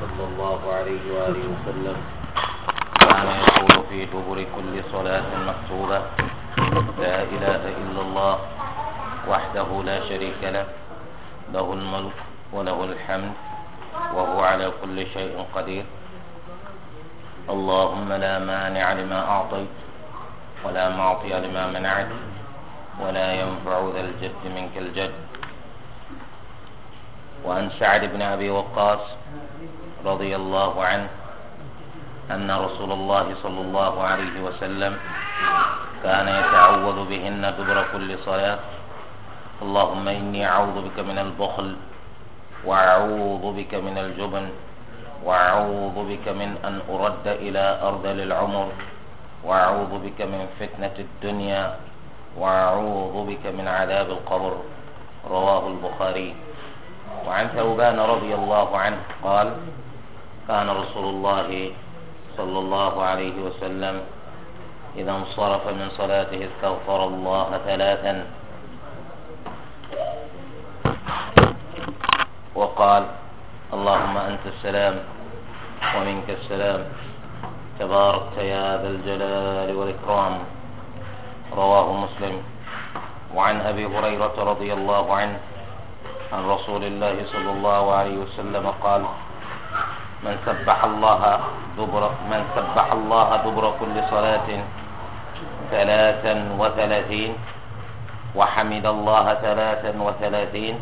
صلى الله عليه وآله وسلم كان يقول في دبر كل صلاة مكتوبة لا إله إلا الله وحده لا شريك له له الملك وله الحمد وهو على كل شيء قدير اللهم لا مانع لما أعطيت ولا معطي لما منعت ولا ينفع ذا الجد منك الجد وعن سعد بن أبي وقاص رضي الله عنه أن رسول الله صلى الله عليه وسلم كان يتعوذ بهن دبر كل صلاة اللهم إني أعوذ بك من البخل وأعوذ بك من الجبن وأعوذ بك من أن أرد إلى أرض العمر وأعوذ بك من فتنة الدنيا وأعوذ بك من عذاب القبر رواه البخاري وعن ثوبان رضي الله عنه قال كان رسول الله صلى الله عليه وسلم إذا انصرف من صلاته استغفر الله ثلاثا وقال اللهم أنت السلام ومنك السلام تباركت يا ذا الجلال والإكرام رواه مسلم وعن أبي هريرة رضي الله عنه عن رسول الله صلى الله عليه وسلم قال من سبح الله دبر من سبح الله دبر كل صلاة ثلاثا وثلاثين وحمد الله ثلاثا وثلاثين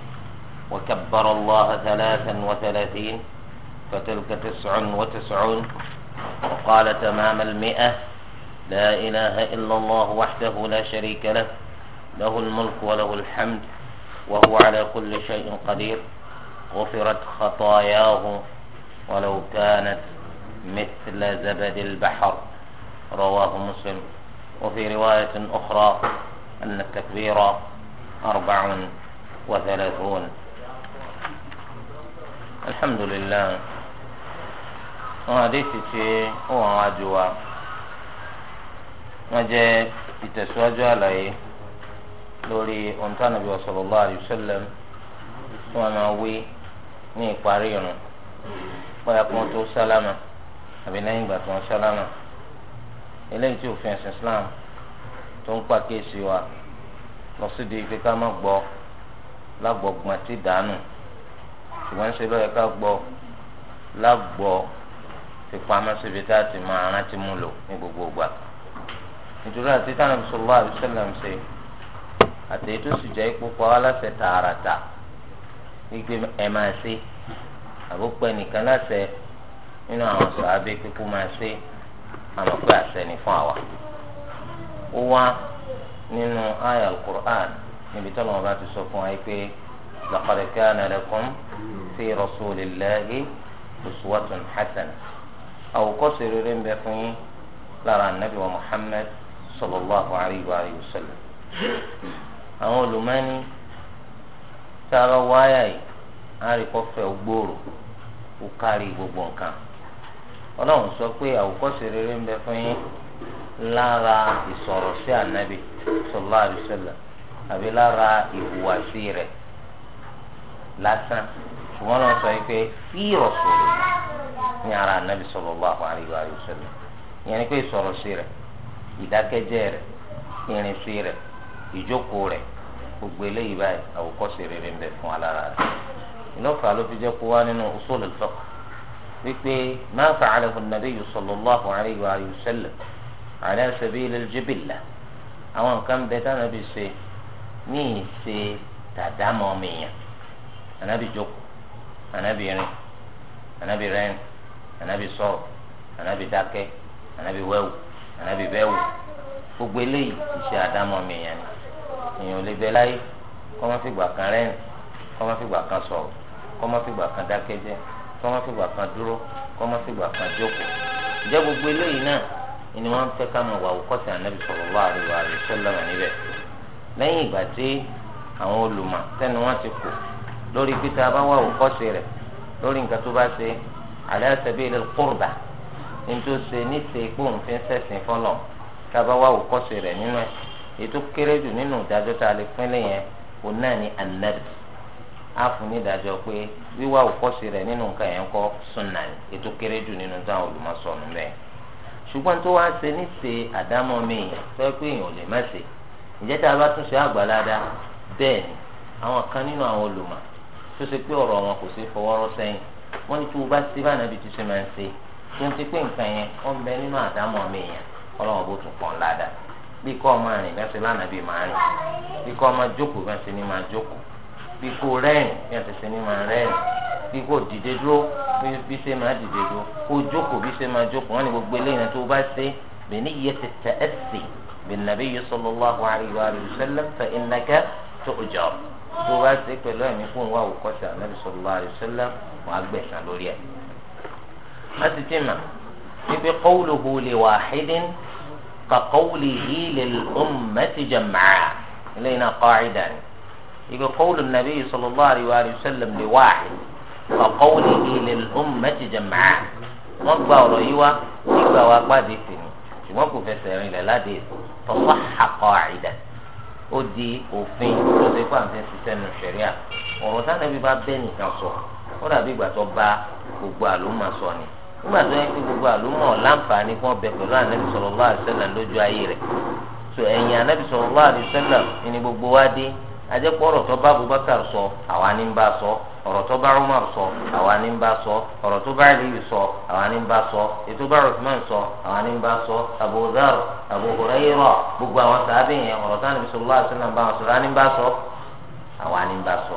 وكبر الله ثلاثا وثلاثين فتلك تسع وتسعون وقال تمام المئة لا إله إلا الله وحده لا شريك له له الملك وله الحمد وهو على كل شيء قدير غفرت خطاياه ولو كانت مثل زبد البحر رواه مسلم وفي رواية أخرى أن التكبير أربع وثلاثون الحمد لله وهذه شيء هو عجوة وجاء ìtẹ̀síwájú عليه lórí أنت tí صلى الله عليه وسلم tí وي máa wí ní ìparí bóyá kí wọ́n tó sálámà àbí lẹ́yìn ìgbà tí wọ́n sálámà eléyìí tí òfin ẹ̀sìn Islam tó ń pàkíyèsí wa lọ sí di ife ká má gbọ́ lágbọ̀gbọ̀n tí dànù ṣùgbọ́n ṣe lọ́yẹ ká gbọ́ lágbọ̀ fipamọ́ síbi tá a ti máa rántí mú lò ní gbogbo ìgbà nítorí àti tánà sallallahu alaihi wasallam ṣe àtẹ̀yẹ tó sì jẹ́ ipò pa wá láṣẹ tààràtà wípé ẹ máa ṣe àbúkpẹ́ nìkan láṣẹ nínú àwọn sàábẹ́ kíkú máa ṣe àmọ́ pé àṣẹ ni fún àwa. ó wá nínú àyà alukur'an níbi tí ọlọ́mọba ti sọ fún wa yìí pé laqad kana lakum fi rasulillahi uswatun hasana àwòkọ́ṣe rere ń bẹ fún yín lára anabi wa muhammad sallallahu alayhi wa sallam. àwọn olùmọ́ni sábà wáyà yìí. àríkọ́fẹ́ ògbòòrò ó kárí gbogbo nǹkan ọlọ́run sọ pé àwòkọ́ṣe rere ń bẹ fún yín lára ìsọ̀rọ̀ sí ànábì sallallahu alaihi àbí lára ìhùwàsí rẹ̀ lásán ṣùgbọ́n sọ pé fí rọ̀sọ̀rọ̀ ní ara ìyẹn ni pé sí ìdákẹ́jẹ́ ìjókòó gbogbo eléyìí báyìí rere ń fún alára ìlọ́fà ló fi jẹ́ kó wá nínú usul al-fiqh wípé ma fa'alahu an-nabiyyu sallallahu alayhi wa sallam ala sabil al-jibilla àwọn nǹkan bẹ táwọn ẹbí ṣe ní ìṣe tàdámọ́ mìíràn ànábì jókòó ànábì rìn ànábì rẹ́rìn ànábì sọ̀rọ̀ ànábì dákẹ́ ànábì wẹ́wù ànábì bẹ́wù gbogbo eléyìí ìṣe àdámọ́ mìíràn ni èèyàn ò lè bẹ láyé kọ́ máa fi gbà kan rẹ́rìn kọ́ máa fi gbà kan sọ̀rọ̀ kọ́mọ́fìgbà kan dákẹ́jẹ́ kọ́mọ́fìgbà kan dúró kọ́mọ́fìgbà kan jókòó ìjẹ́ gbogbo eléyìí náà ni wọ́n fẹ́ ká mọ̀ wà wòkọ́sí ànábì sallallahu alaihi wa sallam níbẹ̀ lẹ́yìn ìgbà tí àwọn olùmọ̀ tẹ́nu wọn ti kù lórí pété a bá wà wòkọ́sí rẹ̀ lórí nǹkan tó bá ṣe ala sabilil qurba nítorí ṣe níṣe ipò òǹfin sẹ̀sìn fọlọ̀ tá a bá wà wòkọ́sí rẹ̀ nínú ẹ̀ ètò kéré jù nínú ìdájọ́ tá a lè pín lẹ́yìn ẹ̀ òun náà ni ànábì á fún ní ìdájọ́ pé wíwá òkọ́sí rẹ̀ nínú nǹkan yẹn kọ́ sunna ètò kéré jù nínú táwọn olùmọ̀sọ̀nù mẹ́ẹ̀. ṣùgbọ́n tó wá ṣe níṣe àdámọ́ mi fẹ́ pé èèyàn ò lè má ṣe tá a bá ni àwọn kan nínú àwọn olùmọ̀ tó ṣe pé ọ̀rọ̀ wọn kò ṣe fọwọ́rọ́ sẹ́yìn wọ́n ní tí wọ́n bá ṣe bá nàbí ti ṣe máa ń ṣe tó ń ti pé nǹkan yẹn ó ń bẹ nínú àdámọ́ mi yẹn bó tún pọ̀ bí kọ́ ọmọ rìn bẹ́ẹ̀ bí kò rẹ́ẹ̀n bí a àtẹ̀sẹ̀ ni màá rẹ́ẹ̀n bí kò dìde dúró bí ṣe máa dìde dúró kò jókòó bí ṣe máa jókòó wọn ni gbogbo eléyìí náà tó bá ṣe bẹ̀ni iye ti tẹ̀ ẹ́ sì bẹ̀nàbí sallallahu sọlọ wà wà àríwá àríwá sẹlẹ̀ tó bá ṣe pẹ̀lú ẹ̀mí fún wa sallam fa innaka tu'jar tó bá ṣe pẹ̀lú ẹ̀mí fún wa òkọ́sí ànábì sallallahu solo wa sele wọn á gbẹ̀sán lórí ẹ̀. má ti ti mà níbi qawluhu li wahidin ka qawlihi lil ummati jam'a eléyìí náà qa'ida ni. يبقى قول النبي صلى الله عليه وآله وسلم لواحد فقوله للأمة جمعاء wọ́n gba ọ̀rọ̀ yìí wá nígbà wa gbàdé tèmi ṣùgbọ́n kò fẹsẹ̀ rìn lẹ̀ láde tọ́sọ́ àkọ́ àìdá ó di òfin tó ṣe fún àǹfẹ́ ṣiṣẹ́ nù ṣẹ̀ríà ọ̀rọ̀ sánẹ́bí bá bẹ́ẹ̀ nìkan sọ ó dàbí ìgbà tó bá gbogbo àlùmọ̀ sọ ni nígbà tó yẹ kí gbogbo àlùmọ̀ láǹfààní fún ọbẹ̀ pẹ̀lú ànábì sallallahu alaihi wasallam lójú ayé rẹ̀ tó ẹ̀yìn ànábì sallallahu alaihi wasallam ni gbogbo wa dé ajẹ́pọ̀ ọ̀rọ̀ tó bá Abubakar sọ àwa ní bá sọ ọ̀rọ̀ tó bá Umar sọ àwa ní bá sọ ọ̀rọ̀ tó bá Aliyu sọ àwa ní bá sọ ètò bá Uthman sọ àwa ní bá sọ Abu Dhar Abu Hurayra gbogbo àwọn sàábì yẹn ọ̀rọ̀ tó Ànábì sallallahu alaihi wasallam bá wọn sọ̀rọ̀ àwa ní bá sọ àwa ní bá sọ.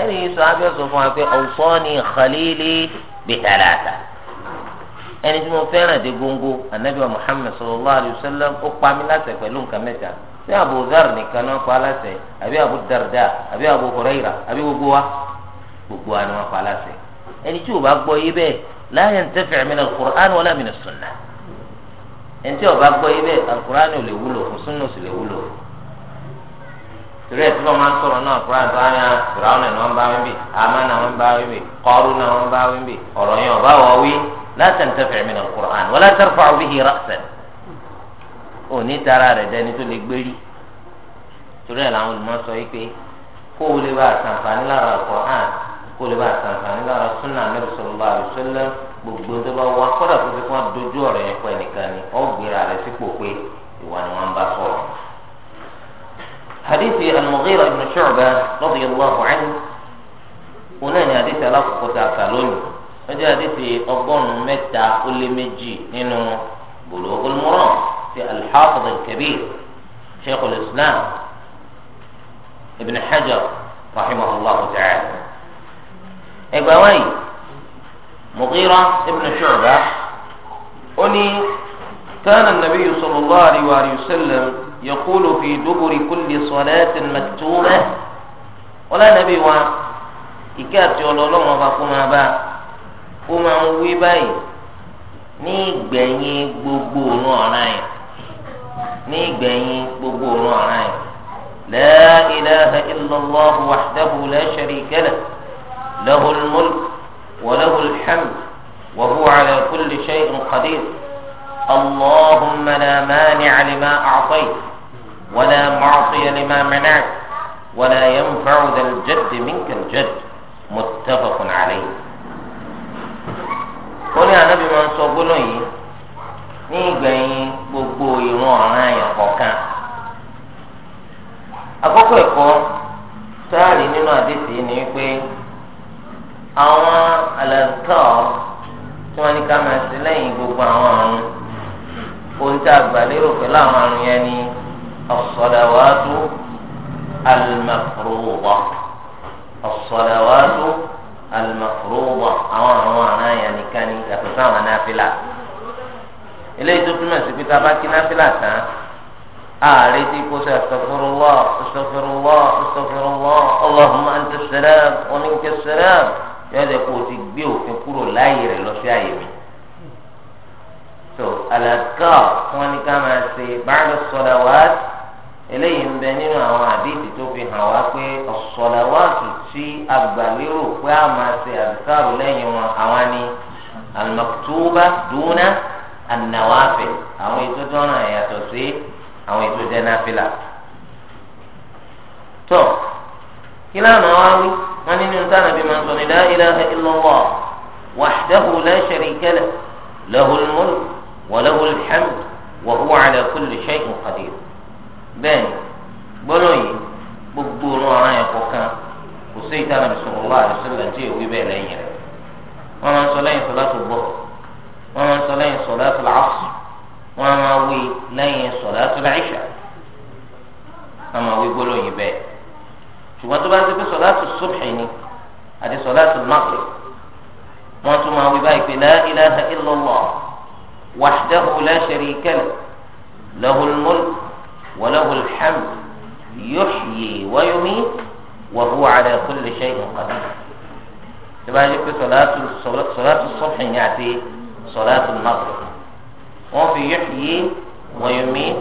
ẹnì yìí sọ abẹ́ sọ fún wa pé awsani khalili bi ẹni tí mo fẹ́ràn dé góńgó Ànábì Muhammad sallallahu alaihi wasallam sí Abu Dhar nìkan náà pa aláṣẹ àbí Abu Darda àbí Abu Huraira àbí gbogbo wa gbogbo wa ni wọn pa aláṣẹ ẹni tí o bá gbọ́ yé bẹ́ẹ̀ la yantafi' min al-Qur'an wala min as-sunnah ẹni tí o bá gbọ́ yé bẹ́ẹ̀ al-Qur'an ò lè wúlò fún sunna ò sì lè wúlò torí ẹ tí wọn máa ń sọ̀rọ̀ náà al tó wáyà fìràwọn náà wọn bá wí bì àmà náà wọn bá wí bì Qarun náà wọn bá wí bì ọ̀rọ̀ yẹn ọba wọ wí la yantafi' min al-Qur'an wala tarfa'u bihi ra'san òní tara rẹ̀ dẹni tó lè gbé rí torí ẹ̀ làwọn olùmọ̀ sọ yìí pé kó o lè bá àtàǹfààní lára Al-Qur'an kó o lè bá àtàǹfààní lára Sunnah Nabi sallallahu alaihi wasallam gbogbo tó bá wá kọ́dà kó fi kó wọn dojú yẹn pọ̀ ẹnìkan ni ọ̀ gbéra rẹ̀ sípò pé ìwà ni bá hadithi الحافظ الكبير شيخ الإسلام ابن حجر رحمه الله تعالى إبوي مغيرة ابن شعبة أني كان النبي صلى الله عليه وسلم يقول في دبر كل صلاة مكتوبة ولا نبي wa ìkẹ́àtì ọlọ́lọ́wọ́n bá kó máa bá هو máa ń wí báyìí ní ní gbẹ̀yìn gbogbo òun ọ̀ràn yìí la ilaha illallah wahdahu la sharika lah lahul mulk wa lahul hamd wa huwa ala kulli shay'in qadir اللهم لا مانع لما أعطيت ولا معطي لما منعت ولا ينفع ذا الجد منك الجد متفق عليه ó ní ànábì máa ń sọ gbólóhùn yìí ní ìgbẹ̀yìn irun ọ̀ràn àyàn kọ̀ọ̀kan. àkọ́kọ́ ẹ̀kọ́ sáàrì nínú àdéhùn ni wípé àwọn àlàkọ́ tí wọ́n ní ká máa ṣe lẹ́yìn gbogbo àwọn àrùn ohun tí a gbà lérò pẹ̀lú àwọn àrùn yẹn ni as-salawatu al-mafruḍa àwọn àrùn àrùn àyàn nìkan ni yàtọ̀ sáwọn náà eléyìí tó túmọ̀ sí pé tá a bá kí náfìlà tán ààrẹ tí kò sọ astaghfirullah astaghfirullah astaghfirullah allahumma anta salam wa minka salam yóò jẹ kó o ti gbé òfin kúrò láàyè rẹ lọ sí àyè mi. so alaka wọn ni ká máa ṣe báàgì sọlawat eléyìí ń bẹ nínú àwọn àdéhìí tó fi hàn wá pé sọlawat tí agbàlérò pé a máa ṣe àdìkárò lẹ́yìn wọn àwọn ni al-maktuba duna anáwáfẹ àwọn ètò tó ràn yàtọ̀ sí àwọn ètò jẹ náfìlà tó kí lánà wá wí wọn nínú nǹkan àbí máa ń sọ ní la ilaha illallah wahdahu la sharika lah lahul mulk wa lahul hamd wa huwa ala kulli shay'in qadir bẹ́ẹ̀ni gbọ́dọ̀ yìí gbogbo ọ̀rọ̀ ara yẹn kọ̀ọ̀kan kò sí ìtàn àbí sallallahu alaihi wasallam èwe bẹ́ẹ̀ lẹ́yìn rẹ̀ wọ́n máa ń sọ lẹ́yìn sọlá tó gbọ́ wọ́n máa ń sọ lẹ́yìn sọ̀látul asr wọ́n á máa wí lẹ́yìn sọ̀látul ìṣà wọ́n máa wí gbólóyìn bẹ́ẹ̀ ṣùgbọ́n tó bá ti pé sọ̀látul subhi ni àti sọ̀látul maghrib wọ́n tún máa wí báyìí pé la ilaha illallah wahdahu la sharika lahu lahul mulk wa lahul hamd yuhyi wa yumiit wa tó bá ti pé sọ̀látul subhi ni àti sọláàtù maghrib wọn fi yuhyi wa yumit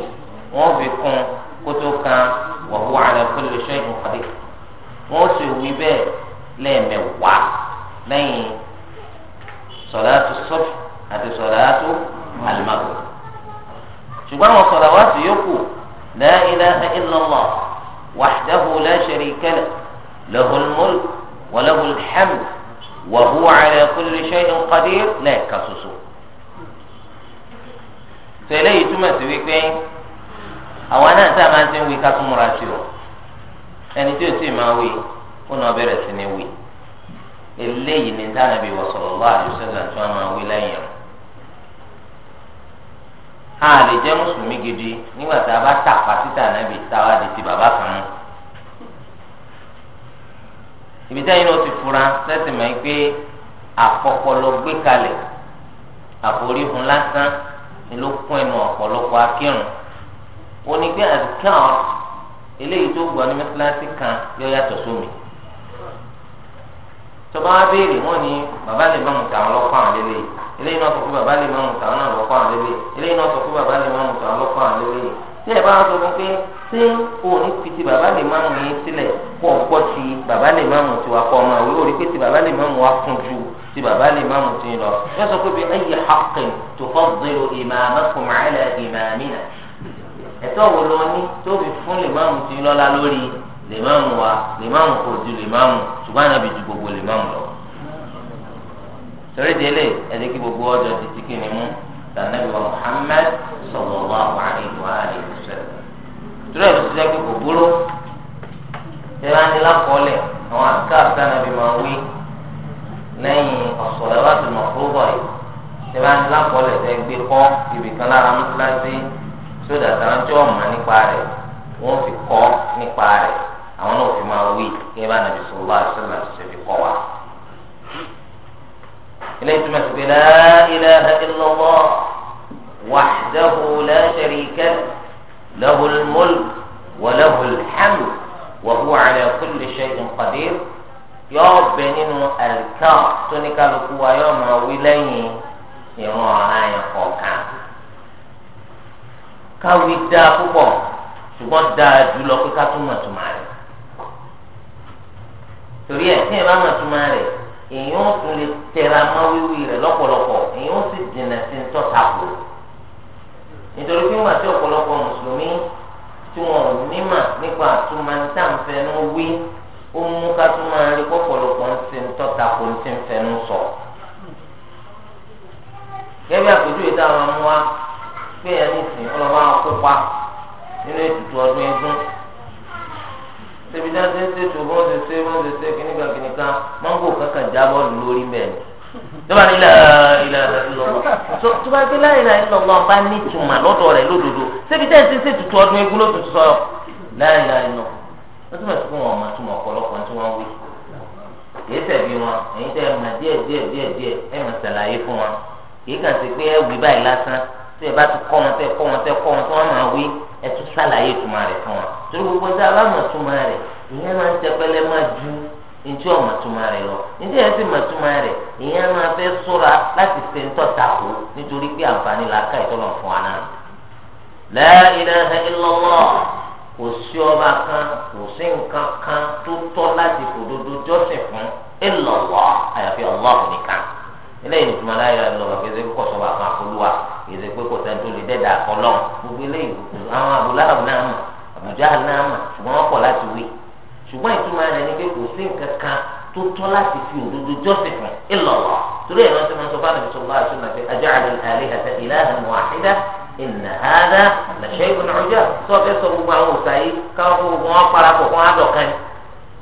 wọn fi kún kótó kan wa huwa ala kulli shay'in qadir wọn sì wí bẹ́ẹ̀ lẹ́ẹ̀mẹwàá lẹ́yìn sọláàtù subh àti sọláàtù al-maghrib ṣùgbọ́n àwọn sọláwàtì yòókù la ilaha illallah wahdahu la sharika lah lahul mulk wa lahul hamd wa huwa ala kulli shay'in qadir lẹ́ẹ̀ka tẹ̀lé yìí túmọ̀ sí wípé àwọn náà tá a máa ti ń wí ká tún múra sí o ẹni tí o sì máa wí ó náà bẹ̀rẹ̀ sí ni wí eléyìí ni dáná bíi sallallahu alaihi wasallam tí wọ́n máa wí lẹ́yìn rẹ̀ a lè jẹ́ mùsùlùmí gidi nígbà tá a bá tàpá títà nábì táwa di ti bàbá kan mú ibi táyìn náà ti fura sẹ́sìn máa pé àpọ̀pọ̀ lọ gbé kalẹ̀ àforíhun lásán ló kún ẹnu ọ̀pọ̀lọpọ̀ akírun ó ní pé àdìkàn eléyìí tó gbọ́ ní mẹ́tíláṣí kan yọ yàtọ̀ sómi tọba wa béèrè wọn ni bàbá lè má mùtà àwọn lọ́kọ́ àwọn lélẹ̀ eléyìí náà sọ pé bàbá lè má mùtà àwọn náà lọ́kọ́ àwọn lélẹ̀ eléyìí náà sọ pé bàbá lè má mùtà àwọn lọ́kọ́ àwọn lélẹ̀ tí ẹ bá wọn sọ fún pé ṣé òun fi ti bàbá lè má mú yín sílẹ̀ pọ̀ pọ̀ ti bàbá lè má mú tiwa pọ̀ ọmọ òun lórí pé ti bàbá lè má mú wa fún ju tí baba lè má mu tún lọ yóò sọ pé bí ayé haqqin tufaddilu imamakum ala imamina ẹ̀tọ́ wo lọ ní tó fi fún lè má mu tún lọ́la lórí lè má mu wa lè má mu kò ju lè má mu ṣùgbọ́n àná bí ju gbogbo lè má mu lọ. torí délé ẹni kí gbogbo ọjọ́ ti ti kí ni mú tànàbí wa Muhammad sallallahu alaihi wa alihi wasallam. torí ẹ̀ sọ́jà pé kò búrú lẹ́yìn ọ̀sọ̀rọ̀ láti mọ̀ fún bọ̀ yìí tẹ́lá ní lápọ̀lẹ̀ tẹ́ gbé kọ́ ibì kan lára mọ́tíláṣí sódà táwọn tí wọ́n mọ̀ nípa rẹ̀ wọ́n fi kọ́ nípa rẹ̀ àwọn náà fi máa wí kí ẹ bá nàbì sọ̀rọ̀ bá sọ̀rọ̀ láti ṣe fi kọ́ wa. ilé ìtumọ̀ sí pé la ilaha illallah wahdahu la sharika lahu al-mulk wa lahu al-hamd wa huwa ala kulli shay'in qadir. yóò bẹ nínú àlìkàn tó ní kálukú wa yóò máa wí lẹ́yìn ìrun ọ̀ràn yẹn kọ̀ọ̀kan. káwí dáa púpọ̀ ṣùgbọ́n dáa jùlọ pé ká tún mọ̀túmọ̀ rẹ̀. torí ẹ̀ tí ẹ bá mọ̀túmọ̀ rẹ̀ èèyàn tún lè tẹra mọ́ wíwí rẹ̀ lọ́pọ̀lọpọ̀ èèyàn sì dènà sí ń tọ́ta kù. bá nítumọ̀ lọ́dọ̀ rẹ̀ lódodo ṣébi tẹ́ ẹ ti ṣe tutù ọdún egún ló tutù sọ̀rọ̀ ìnà hàdá làṣẹ ìwọ̀n ọjọ́ tó fẹ́ sọ gbogbo àwọn òòsà yìí káwọn fún gbogbo wọn parapọ̀ fún adọ̀kan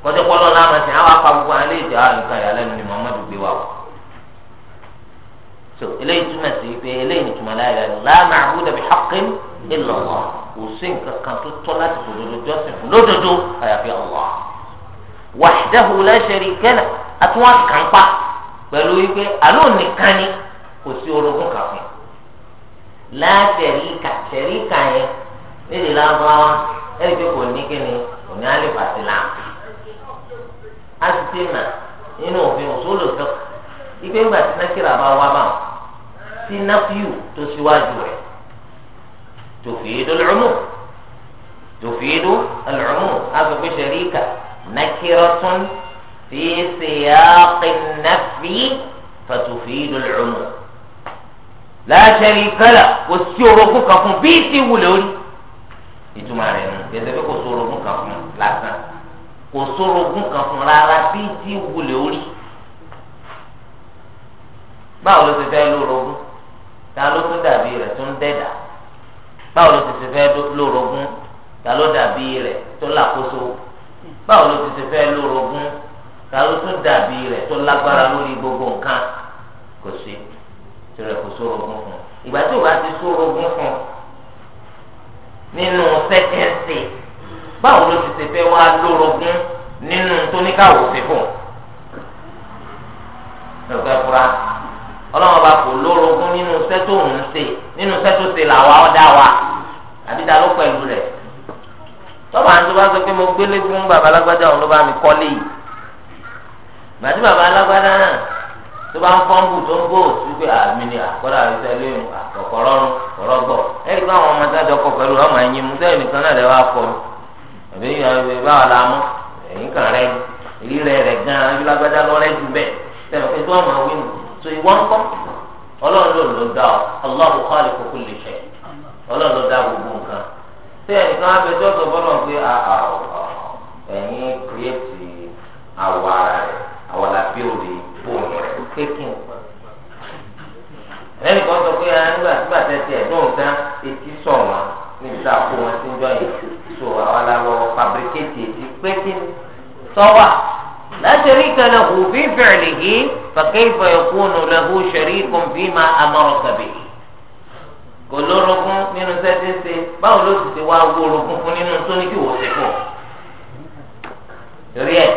kọjá pọ́lọ́ náà máa sìn àwọn apá gbogbo àwọn iléèjọ àlùkà ìyàlẹ́nu ni Muhammadu gbé wa o. so eléyìí túmọ̀ sí pé eléyìí ni túmọ̀ láyé rẹ̀ la ma'buda bi haqqin illa Allah kò sí nǹkan kan tó tọ́ láti fòdodo jọ́sìn fún lódodo àyàfi Allah. wahdahu la sharika àtúwọ̀n kàn látẹ̀ríkà tẹ̀ríkà yẹn nídìí lábọ́wá ẹ̀rí pé kò ní kíni kò ní alẹ́ pàṣẹ làm. a ti ti mà nínú òfin òṣòlò kan ìgbé ńgbà tí nákìrà bá wá bá tí náfíù tó síwájú rẹ̀ tòfìdó lọ́mù tòfìdó lọ́mù agbègbè ṣẹ̀ríkà nákìrọ̀tún fi ṣèyàqin náfí fàtòfìdó lọ́mù láṣẹrí kálá kò sí orogún kan fún bí ti wù lórí ìtumọ̀ rẹ̀ nù gbèsè pé kò sí orogún kan fún lásán kò sí orogún kan fún rárá bí ti wù lórí báwo ló ti fẹ́ lórogún ta ló tún dàbí rẹ̀ tó ń dẹ́dà báwo ló ti ti fẹ́ lórogún ta ló dàbí rẹ̀ tó làkóso báwo ló ti ti fẹ́ lórogún ta ló tún dàbí rẹ̀ tó lágbára lórí gbogbo nǹkan kò sí. tirẹ̀ kò sóró ogún fún ìgbà tí o bá ti sóró fún nínú báwo ló ti ṣe fẹ́ wá lórogún nínú tóníkàwó sí fún un ẹ̀fẹ̀ fura ninu bá kò ninu nínú sẹ́tò ń ṣe nínú sẹ́tò ṣe làwa ọ̀dà wa àbí ló pẹ̀lú rẹ̀ tọ́ba àti bá sọ pé mo gbélé fún bàbá òun mi tó bá ń fọ́nbù tó ń gbò wípé àmì ah, ni àkọ́dà ìṣẹ́ lóyún àkọ́kọ́rọ́ ọ̀rọ̀gbọ̀ ẹ̀rí pé àwọn ọmọ tájọ kọ pẹ̀lú ọmọ ẹ̀yìn mú sẹ́yìn nìkan náà lẹ́wọ́ akọ ẹ̀mí ìyàwó báwa la mú ẹ̀yìn kan rẹ̀ èyí rẹ̀ rẹ̀ gan-an bí lágbájá lọ rẹ̀ jù bẹ́ẹ̀ sẹ́yìn pé tó ọmọ wí nù tó ìwọ ń kọ́ ọlọ́run ló ló dá ọ Allahu khaliqu kulli shay ọlọ́run ló dá gbogbo nǹkan sẹ́yìn nìkan abẹ́jọ́ sọ fọ́nà pé àà ẹ̀yìn kírẹ́ẹ̀tì àwọ̀ ara rẹ̀ kékin lẹ́yìn kan sọ pé ah, nígbà tí bàtẹ́ ti ẹ̀dùn tán etí sọ̀ wọn níbi tá a kó wọn sí ń jọ yìí so àwa la lọ fabricate etí pé kí sọ́wà láti kẹlẹ́ kù bí fẹ̀lẹ̀ yìí fàkẹ́ ìfọ̀yẹ̀kùnù lẹ́hu ṣẹ̀rí kùn bí ma amọ̀rọ̀ kàbẹ̀ kò lórogún nínú sẹ́tí ṣe báwo ló sì ti wá wó orogún fún nínú tó ní pọ̀ torí ẹ̀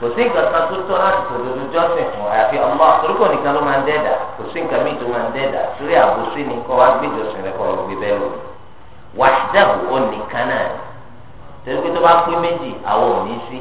kò sí nǹkan kan tó tọ́ láti tòdodo jọ́sìn fún àyàfi Allah torúkọ nìkan ló máa ń dẹ́dà kò sí nǹkan míì tó máa ń dẹ́dà sórí àbòsí ni kọ́ wá gbé ìjọsìn rẹ kọ́ lọ gbé bẹ́ẹ̀ lò wàhídàbò ó nìkan náà torí pé tó bá pé méjì àwọn ò ní sí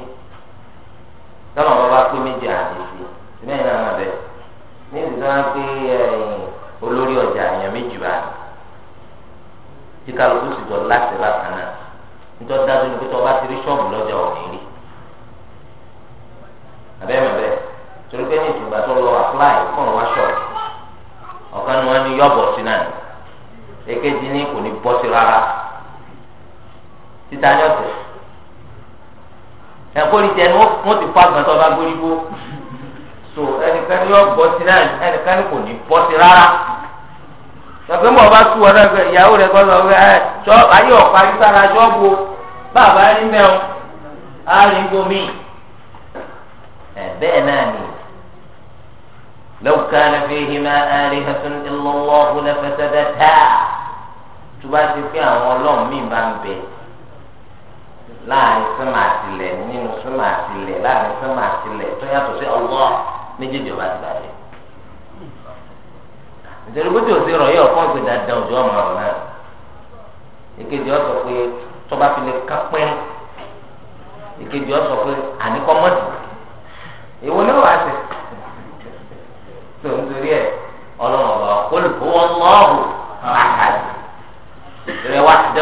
títa ní ọ̀sẹ̀ ẹ̀kọ́rì tẹ ni wọ́n ti fọ́ àgbàtọ́ bá so ẹnìkan ni bọ́ sí náà ẹnìkan kò ní bọ́ sí rárá tọ́pẹ́ mọ̀ bá tú ọ̀dọ́ ẹgbẹ́ ìyàwó rẹ̀ kọ́ sọ pé ẹ ayé ọ̀pá yìí sára ṣọ́ọ̀bù bàbá rí á rí láàrin sánmà àtìlẹ̀ nínú sánmà àtìlẹ̀ láàrin sánmà àtìlẹ̀ tó yàtọ̀ sí ọlọ́ méjèèjì ọba ti bàjẹ́. nítorí bójú òsì rọ̀ yóò fọ́ ìgbé dandan òjò ọmọ rẹ̀ náà. èkejì ọ̀sọ̀ pé tọ́ba fi lè ká pẹ́ẹ́n. èkejì ọ̀sọ̀ pé àníkọ́ mọ́tì. èwo ni wàá ṣe? tó ń torí ẹ̀ ọlọ́run ọba kólùkó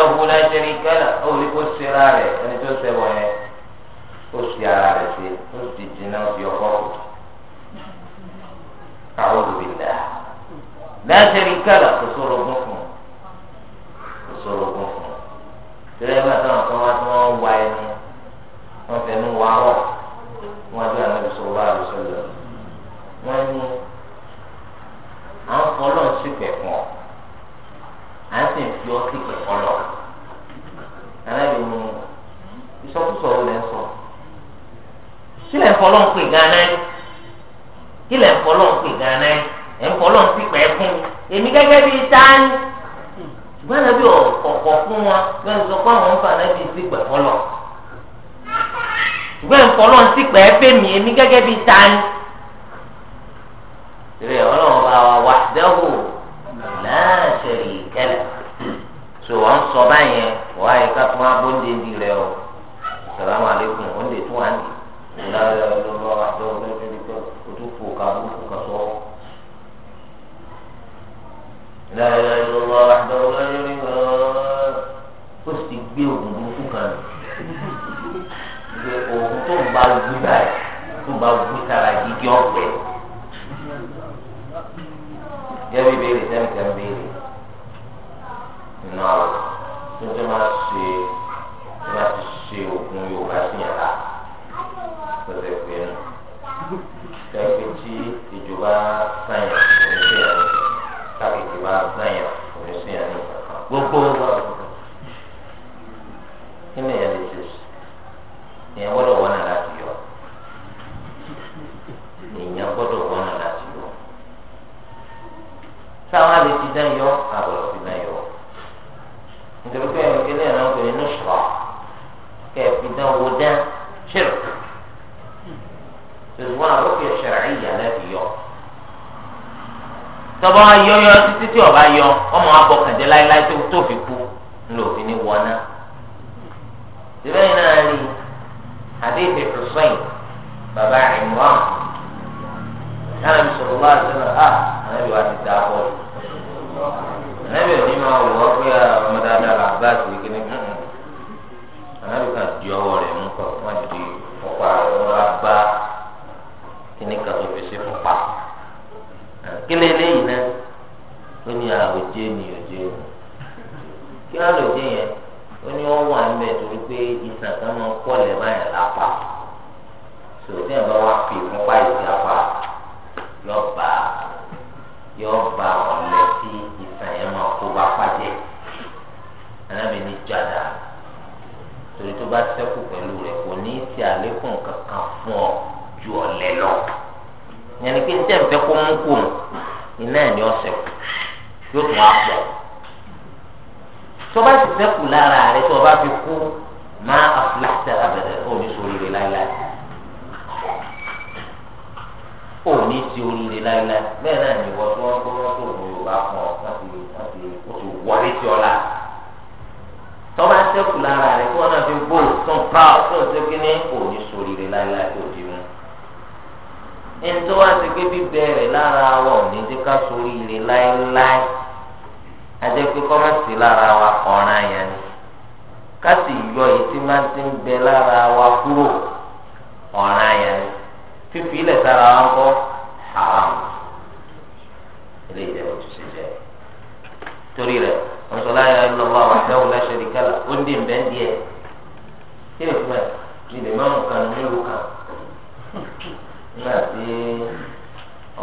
وحده لا شريك له أو لكل سرارة أن تسوى وسيارة وسي الجنة في أخوه أعوذ بالله لا شريك له èmi gẹ́gẹ́ bíi tání ṣùgbọ́n ẹ̀rọ bí ọ̀kọ̀ fún wọn bẹ́ẹ̀ sọ pé àwọn ń fa ẹ̀rọ bíi sígbà fọlọ́ ṣùgbọ́n ẹ̀fọ́ lọ́n sígbà ẹ̀ mi èmi gẹ́gẹ́ bíi tání. tó ti máa ṣe. padà torí tó bá sẹ́kù pẹ̀lú rẹ̀ kò ní í ti àlékún kankan fún ọ ju ọ̀lẹ lọ yẹn ni pé tẹ̀m̀fẹ́ kó mú kù iná ẹ̀ ní ọ̀sẹ̀ kù yóò tún á pọ̀ tó bá ti sẹ́kù lára rẹ̀ tó bá fi kú má afúláṣẹ abẹ̀rẹ̀ ó ní sóríire láéláé ó ní ti oríire láéláé bẹ́ẹ̀ náà ni wọ́n tó wọ́n tó wọ́n tó yóò bá fún ọ láti láti ó ti wọlé sí ọ láti sẹ́kù lára rẹ̀ kí wọ́n náà fi bò tún proud tó ṣe kí ní òní sòrìrè láéláé tó di wọn. ẹni tó wá ti gbé bíbẹ rẹ̀ lára wa òní ti ká sòrìrè láéláé ajẹ́ pé kọ́mọ̀sì lára wa ọ̀ràn yẹn ni ká sì yọ ètí máa ti ń bẹ lára wa kúrò ọ̀ràn yẹn ni fífi ilẹ̀ sára wa ń kọ́ haram ilé ìjẹun tó ṣe jẹ torí rẹ̀ ọ̀sọ̀ láyé ayé lọ́wọ́ àwọn àdáwò láṣẹ ìdíkàlà ó ń dè mbẹ́ díẹ̀ kí ni fún ẹ ní lè máa ń kan nílùú kan nígbà tí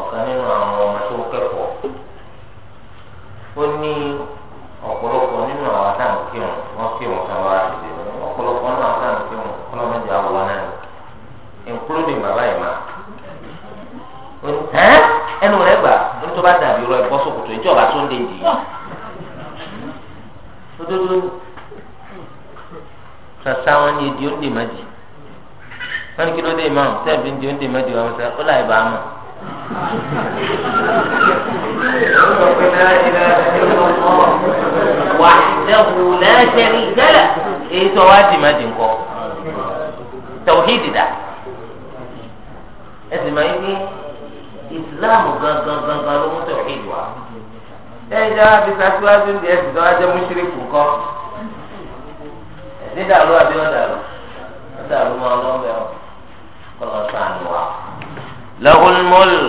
ọ̀kan nínú àwọn ọmọ tó ń kẹ́kọ̀ọ́ ó ní ọ̀pọ̀lọpọ̀ nínú àwọn àtàwọn kírun wọ́n kírun kan wá àti ọ̀pọ̀lọpọ̀ nínú àwọn àtàwọn kírun ọlọ́mọdé àwọ̀ náà including bàbá yìí máa ẹnu rẹ gbà nítorí dàbí rọ ẹ ìjọba tó ń dè jì òdodo sàṣà wọn ni èdè òǹdè mẹ́jì wọn ni kí ló dé ìmọ̀ sẹ́ẹ̀bì ń di òǹdè mẹ́jì wọn sẹ́ ó láì bá a mọ̀. وحده لا شريك له èyí tó wá dì má dì ńkọ tọ̀hídì dà ẹ sì máa ń ní ìsìláàmù gangan gangan ló mú tọ̀hídì wá ẹ̀yin jẹ́ wá fi sasiwaju ní ẹ̀sìn tó wá jẹ́ mùsùlùmí kọ́ ẹ̀sìn dàrú àbí ọ̀dàrú ọ̀dàrú máa lọ́mọ ẹ̀ kọ́lọ́ sànù wa. lẹ́hùn mọ́lù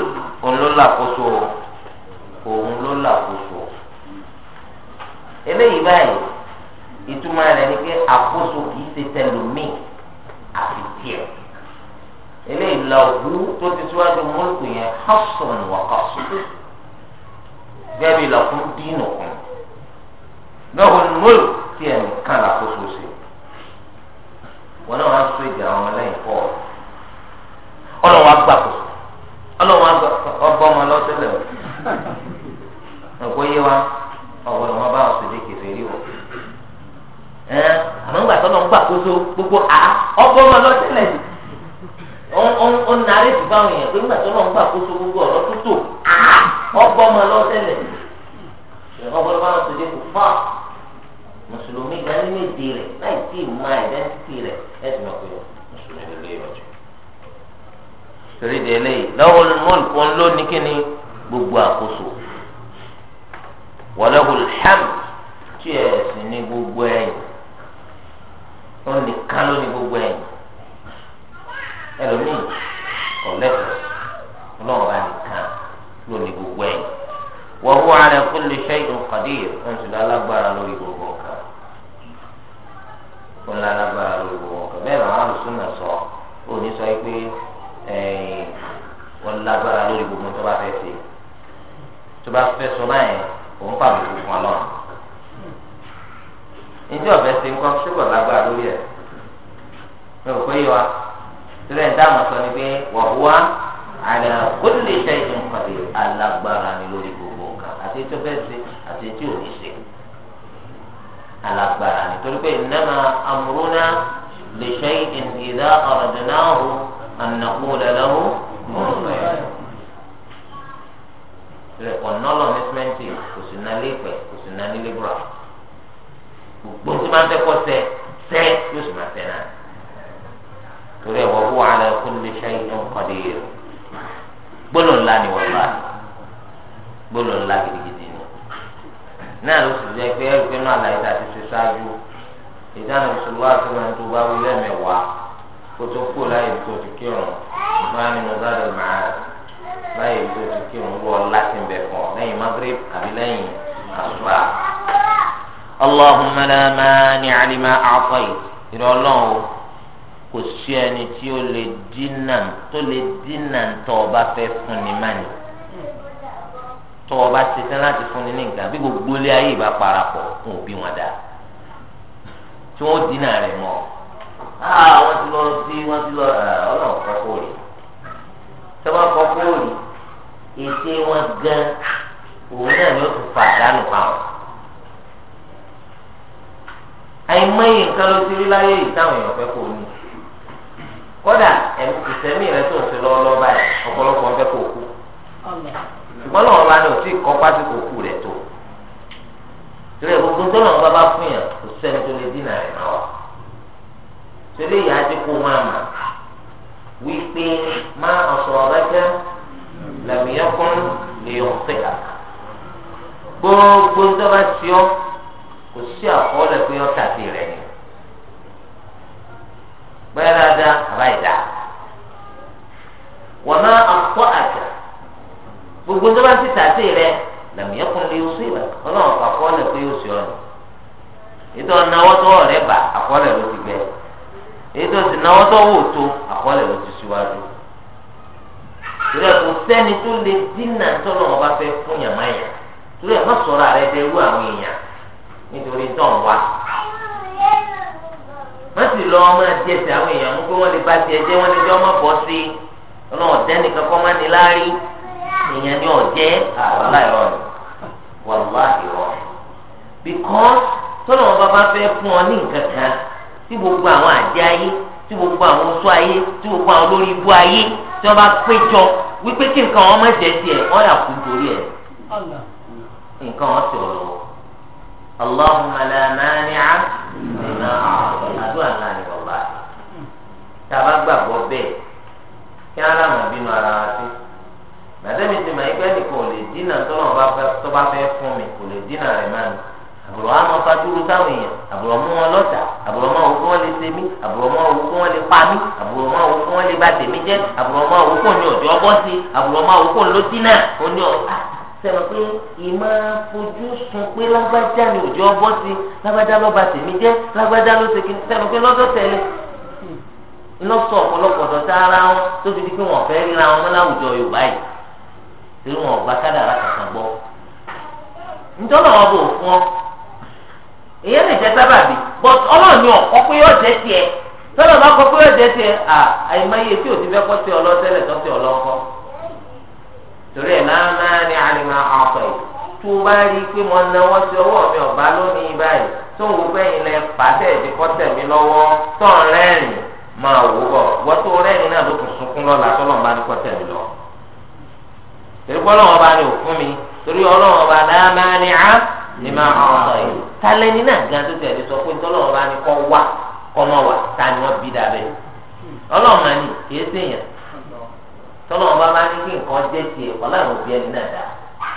òun ló làkóso òun ló làkóso eléyìí báyìí ìtumọ̀ rẹ̀ ni pé àkóso kìí ṣe tẹlómi àfi tiẹ̀ eléyìí lọ́hùn tó ti síwájú mọ́lù yẹn hásùn wà kásùn. gẹ́bí lọ́kùn dínú kùn lọ́hùn múlù tí ẹ̀ nìkan làkóso sí wọn náà wọn sọ èdè àwọn ọmọlẹ́yìn pọ̀ ọlọ́wọ́ agbàkóso ọlọ́wọ́ ọgbọ́n ọmọ lọ́sẹ̀lẹ̀ ọ̀pọ̀ yé wa ọ̀gbọ́n ọmọ bá kẹfẹ́ rí àmọ́ ńgbà gbogbo ọgbọ́n ọmọ lọ́sẹ̀lẹ̀ ó nàárẹ̀ tó bá wọn yẹn pé nígbà tó náà ń gbà kó so gbogbo ọ̀rọ̀ tó tò ọgbọ́n ọmọ lọ́sẹ̀lẹ̀ ọgbọ́n ọmọ lọ́sẹ̀ dé kò fà mùsùlùmí gan ní méje rẹ̀ láì tí ì mọ àìdẹ́ntì rẹ̀ ẹ̀sìn ọ̀pẹ̀ mùsùlùmí lè yọjú. torí de eléyìí lọ́wọ́ mọ́ọ̀lù kan ló ní kí ni gbogbo àkóso wọ́lọ́hùn hàmù tí ẹ̀sìn ní gbogbo ẹ̀yìn ó nìkan ló ní gbogbo ẹ̀yìn ẹlòmíì ọ̀lẹ́tọ̀ ọlọ́run bá nìkan ló ní gbogbo ẹ̀ wọ́n wọ́n ara kó lè ṣe ìkọ̀dé ìrìnsùn alágbára lórí gbogbo ọ̀kan ó ní alágbára lórí gbogbo ọ̀kan bẹ́ẹ̀ làwọn àlùsùn náà sọ ó ní sọ pé wọ́n lágbára lórí gbogbo tó bá fẹ́ ṣe tó bá fẹ́ sọ báyẹn òun pàbùkù fún ọlọ́run ìjọba ẹ̀ ṣe ń kọ́ ṣùgbọ́n lágbára lórí ẹ̀ mi ò pé yọ wa sílẹ̀ ní táwọn sọ ni pé wàhùwà àlẹ́ kólé ṣe ìṣèǹkàdé alágbára ni lórí gbogbo nǹkan àti tó fẹ́ ṣe àti tí ò ní ṣe alágbára ni torí pé ìnáma amúrúná lè ṣe ìdá ọ̀rọ̀dúnáhù ànàkú lẹ́lẹ́hù mọ̀ọ́sẹ̀. rẹ̀ ọ̀nà ọlọ́ọ̀ni sìmẹ́ntì kò sì ná lẹ́pẹ̀ kò sì ná nílé búra gbogbo tí máa ń tẹ́kọ̀ sẹ́ sẹ́ yóò sì máa tẹ̀ náà torí ẹ̀ wọ́n wà ala kulli shay'in qadir gbọ́dọ̀ ńlá ni wọ́n bá gbọ́dọ̀ ńlá gidigidi ni náà ló sì jẹ́ pé ẹgbẹ́ náà láyé tá a ti ṣe ṣáájú ìdáná ìṣòwò àti wọn tó bá wí lẹ́mẹ̀wàá kó tó kú láyé tó ti kírun máa ní mo dáadọ̀ máa láyé tó ti kírun wọ láti ń bẹ̀ fún ọ lẹ́yìn magrib àbí lẹ́yìn àṣùbà. Allahumma la mani alima a'tayt ìrọ̀lọ́wọ́ kò sí ẹni tí ó lè dínà tó lè dínà tó ọba fẹ́ fún ni mání tó ọba ti tán láti fún ni ní nǹkan bí gbogbo ilé ayé ìbá parapọ̀ fún òbí wọn dá tí wọ́n dínà rẹ̀ mọ́ wọ́n ti lọ sí wọ́n ti lọ ọlọ́run kọ́ kóòrè tí wọ́n kọ́ kóòrè ètè wọn gan òun náà ló ti pàdánù pàwọn àìmọye nǹkan ló ti rí láyé ìtàwọn èèyàn fẹ́ kó o ní kódà ìsẹ̀mí rẹ tó ń ṣe lọ́wọ́lọ́wọ́ báyìí ọ̀pọ̀lọpọ̀ ń fẹ́ kó kú ṣùgbọ́n lọ́wọ́ bá ní òtí kọ́ pásítọ̀ kú rẹ̀ tó tẹ̀lé gbogbo tó lọ́wọ́ bá fún yàn kò sẹ́ni tó lè dínà rẹ̀ náà wà tẹ̀lé ìyá ti kó wọn àmà wípé má ọ̀sọ̀ ọ̀rẹ́kẹ́ lẹ́mìíyẹ́kùn lè yọ̀ fẹ́ àkà gbogbo tó bá ti ọ kò sí àkọọ́lẹ̀ pé ọ bóyá dáadáa àbá wọ́n máa àkọ́ àjà gbogbo tó bá ń na rẹ làmì ẹkùn lè oṣù ìwà ọlọ́run kà fọ́ lẹ̀ pé ọ̀nà ètò ọ̀nàwọ́ tó ọ̀rẹ́ àkọọ́lẹ̀ ló ti gbẹ ètò wò tó àkọọ́lẹ̀ ló ti síwájú kò sẹ́ni tó lè dínà bá fẹ́ fún yàmáyà má sọ̀rọ̀ àrẹ àwọn èèyàn nítorí tó ń wá. wọ́n sì lọ ọmọ ẹ̀jẹ̀sẹ̀ àwọn èèyàn mú pé wọ́n lè bá tiẹ̀ jẹ́ wọ́n lè jẹ́ ọmọ bọ́ sí i ọlọ́run ọ̀dẹ́ nìkan kọ́ máa ní láárí èèyàn ni ọ̀jẹ́ àwọn ah, àìrọ̀ ni wàlúwà ìrọ̀ because tọ́lọ̀ wọn bá bá fẹ́ fún ọ ní nǹkan kan tí gbogbo àwọn àjẹ́ ayé tí gbogbo àwọn oṣù ayé tí gbogbo àwọn olórí ibú ayé tí wọ́n bá péjọ wípé kí nǹkan wọn má jẹ tiẹ̀ wọ́n yà kú torí ẹ̀ nǹkan wọn sì Allahumma la mani'a iná àdúrà ńlá ni wọ́n bá tá a bá gbàgbọ́ bẹ́ẹ̀ kí á lámà bínú ara wa sí nàdẹ́mi ti mọ̀ ẹgbẹ́ nìkan ò lè dínà tó bá fẹ́ fún mi kò lè dínà rẹ̀ máa nù àbùrọ̀ wa máa fa dúró sáwọn èèyàn àbùrọ̀ mú wọn lọ́tà àbùrọ̀ máa wò kí wọ́n lè ṣe mí àbùrọ̀ máa wò kí wọ́n lè pa mí àbùrọ̀ máa wò kí wọ́n lè bà tèmi jẹ́ àbùrọ̀ máa wò kí ní ọ̀dọ́ bọ́ àbùrọ̀ máa wò kí ní ọ̀tá sẹ́wọ̀n pé ìmọ̀ fojú sun pé lágbájá ni òjò ọbọ̀ sí lágbájá ló ba tèmi jẹ́ lágbájá ló segin sẹ́wọ̀n pé lọ́dọ̀ tẹ̀lé lọ́sọ̀ ọ̀pọ̀lọpọ̀ dọ̀tá ara wọn tó fi di pé wọ́n fẹ́ ríra wọn láwùjọ Yorùbá yìí tí wọ́n gba kádàrá kankan gbọ́. nítorí àwọn bò fún ọ èyí lè jẹ sábàbí but Ọlọ́run ni ọ̀kọ́ pé yóò tiẹ̀ bá kọ́ torí ẹ̀ máa ní àlìmọ̀ ọ̀pẹ̀ tó bá rí i pé mo náwó sí ọwọ́ mi ọ̀bá lónìí báyìí tó ń wo bẹ́yìn lẹ pàdé ẹ̀dí kọ́tẹ̀ mi lọ́wọ́ tó ń rẹ́rìn máa wò bọ̀ wọ́n tó rẹ́rìn náà ló tún sunkún lọ́la tọ́lọ́ bá ní mi lọ. torí ọlọ́run ọba ni ò mi torí ọlọ́run ọba náà máa ní á ní máa ọ̀sán yìí. tálẹ́ni náà gan tó tẹ̀lé sọ pé tọ́lọ́run ọba ni kọ́ wà kọ́ tọ́lọ́ ọba máa ní kí nǹkan jẹ́ tiẹ̀ wọ́n láwọn òbí ẹni náà dá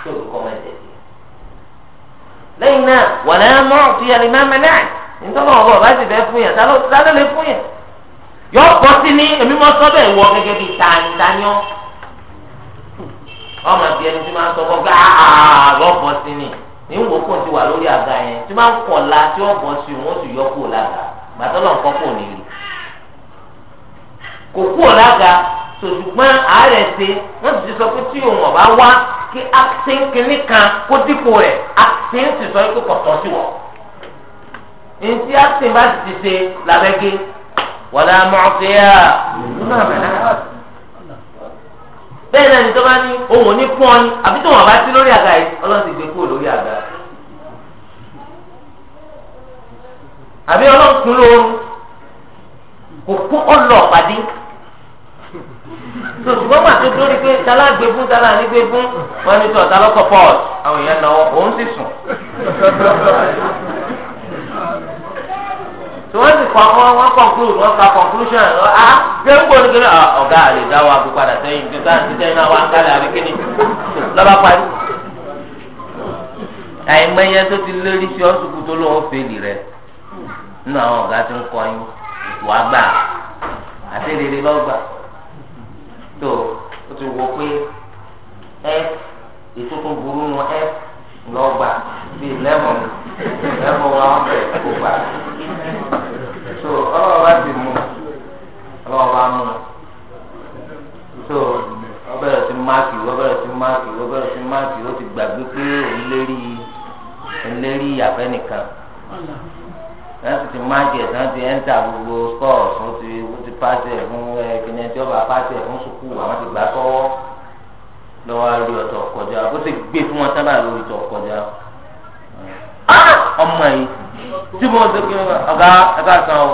tí òbí máa n'ime tiẹ̀. lẹ́yìn náà wọ́n mọ́ ọ̀tún yẹn máa mẹ́lẹ́ àì tọ́lọ́ ọba ọba fún yẹn ló lè fún yẹn. yọ sí ní èmi ni ní wò ti wà lórí àga yẹn tí máa ń kọ̀ la tí bọ́ sí wọn sì yọ sòṣùgbọ́n àárẹ̀ ṣe wọ́n sì ti sọ pé tí òun ọ̀bá wá kí axin kìíní kan kó dípò rẹ̀ axin sì sọ pé kọ̀tọ̀ sí wọ̀. ntí bá ti ṣe làbẹ́gẹ́ wọ́n á mọ̀ ọ́fẹ́ yá. bẹ́ẹ̀ náà ni ní òun ò ní pọ́n ni àbí tó ṣùgbọ́n gbà tó dórí pé tala gbé fún tala ní gbé fún wọn ní tọ̀ ta lọ́kọ̀ pọ́ọ̀t àwọn èèyàn náwó òun sì sùn. tí wọ́n sì kọ́ wọn wọ́n conclude wọ́n ka conclusion a ah, ṣé ń gbọ́ nígbà ah, ọ̀gá àlè dáwọ́ àbí padà sẹ́yìn tó sáà ti sẹ́yìn náà wà ń kálẹ̀ àbí kíni lọ́ba parí. àìmọye tó ti lérí sí ọ́sùkú tó lóun fèlì rẹ̀ nínú àwọn ọ̀gá tó ń kọ́ yín wàá gbà àti lọ́gbà tó o ti wò pé f ètò tó burú nu f lọ́gbà bíi eleven eleven one hundred kò gbà so ọlọ́wọ́ bá ti mú ọlọ́wọ́ bá mú so ọbẹ̀rẹ̀ sí máàkì ọbẹ̀rẹ̀ sí máàkì ọbẹ̀rẹ̀ sí máàkì ó ti gbàgbé pé òun lérí òun lérí ìyàfẹ́ nìkan náà ti ti market náà ti ẹ́ńtà gbogbo stores wọ́n ti wọ́n ti pàṣẹ fún ẹ̀kíní ẹ̀tí ọba pàṣẹ fún sukùl àwọn ti gbà sọ́wọ́ lọ́wọ́ rí ọ̀tọ̀ kọjá ó ti gbé fún wọn sábà lórí ọ̀tọ̀ kọjá ah! ọmọ yìí tí mo ṣe kí ọ̀gá ẹ̀ka san o.